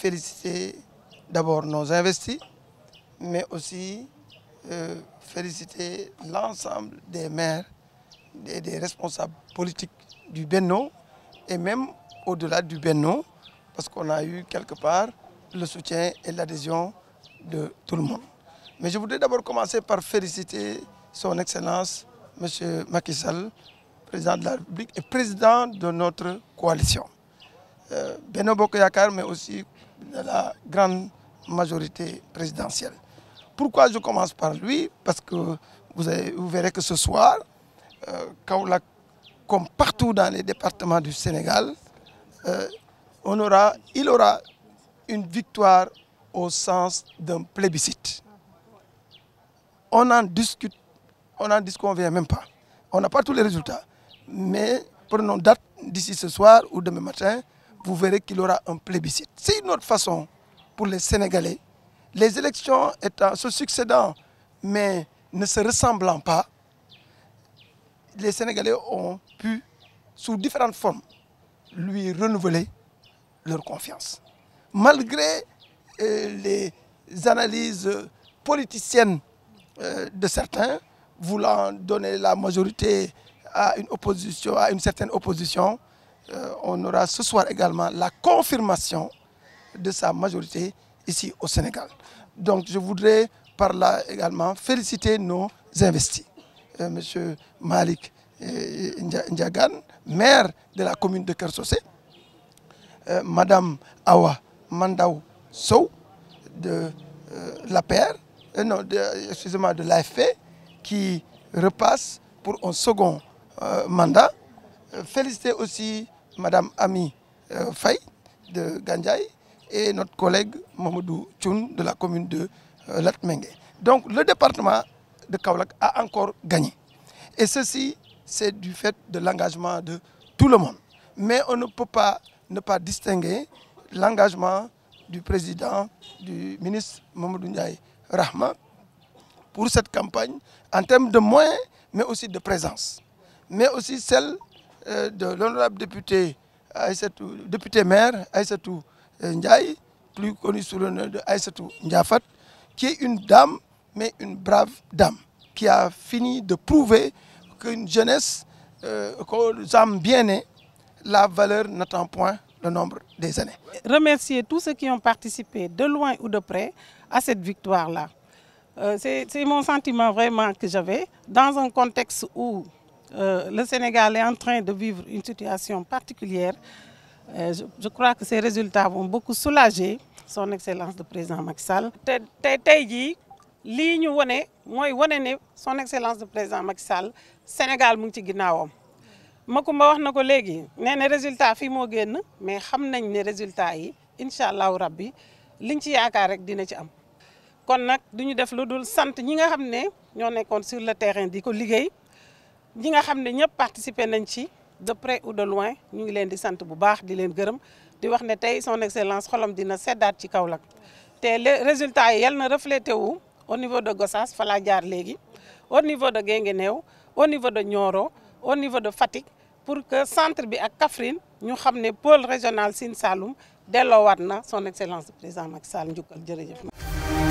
féliciter d'abord nos investis, mais aussi euh, féliciter l'ensemble des maires et des responsables politiques du Benno et même au-delà du Benno, parce qu'on a eu quelque part le soutien et l'adhésion de tout le monde. Mais je voudrais d'abord commencer par féliciter son Excellence, M. Macky Sall, président de la République et président de notre coalition. Euh, Bokoyakar, mais aussi de la grande majorité présidentielle. Pourquoi je commence par lui Parce que vous, verrez que ce soir, euh, comme partout dans les départements du Sénégal, euh, on aura, il aura une victoire au sens d'un plébiscite. On en discute, on n'en disconvient même pas. On n'a pas tous les résultats. Mais prenons date d'ici ce soir ou demain matin, vous verrez qu'il aura un plébiscite. C'est une autre façon pour les Sénégalais, les élections étant, se succédant mais ne se ressemblant pas, les Sénégalais ont pu, sous différentes formes, lui renouveler leur confiance. Malgré euh, les analyses politiciennes euh, de certains, voulant donner la majorité à une, opposition, à une certaine opposition, euh, on aura ce soir également la confirmation de sa majorité ici au Sénégal. Donc je voudrais par là également féliciter nos investis. Euh, monsieur Malik euh, Ndiagan, maire de la commune de Kersosé, Madame Awa Mandao Sou de l'APR, non, excusez-moi, de l'AFP, qui repasse pour un second mandat féliciter aussi Madame Ami euh, Faye de Ganjaï et notre collègue Mamadou Tchoun de la commune de euh, Latmenge. Donc le département de Kaolak a encore gagné. Et ceci, c'est du fait de l'engagement de tout le monde. Mais on ne peut pas ne pas distinguer l'engagement du président, du ministre Mamadou Ndiaye Rahma pour cette campagne en termes de moyens, mais aussi de présence, mais aussi celle euh, de l'honorable député, Aïssatou, député maire Aïssatou euh, Ndiaye, plus connu sous le nom de Aïssatou Ndiafat, qui est une dame, mais une brave dame, qui a fini de prouver qu'une jeunesse, euh, qu'on bien née, la valeur n'attend point le nombre des années. Remercier tous ceux qui ont participé, de loin ou de près, à cette victoire-là. Euh, c'est mon sentiment vraiment que j'avais, dans un contexte où euh, le Sénégal est en train de vivre une situation particulière. Euh, je, crois que ces résultats vont beaucoup soulager son excellence le président Macky Sall. te tey tey ñu son excellence le président Macky Sall Sénégal est en ci de se wax Je ko léegi nee résultat fii mais xam nañ ne résultats. yi incha allahu rabbi liñ ci yaakaar rek dina ci am. kon nag du ñu def lu sur le terrain di ñi nga xam ne participer nañ ci de près ou de loin ñu ngi leen di sant bu baax di de gërëm di wax son excellence xolam dina seddaat ci Kaolack te les résultats yi yal na reflété wu au niveau de Gossas fa laa jaar au niveau de Guinguinéo au niveau de nyoro, au niveau de fatigue, pour que centre bi ak nous ñu xam pôle régional Sine Saloum delloowaat na son excellence président Macky Sall njukkal jërëjëf.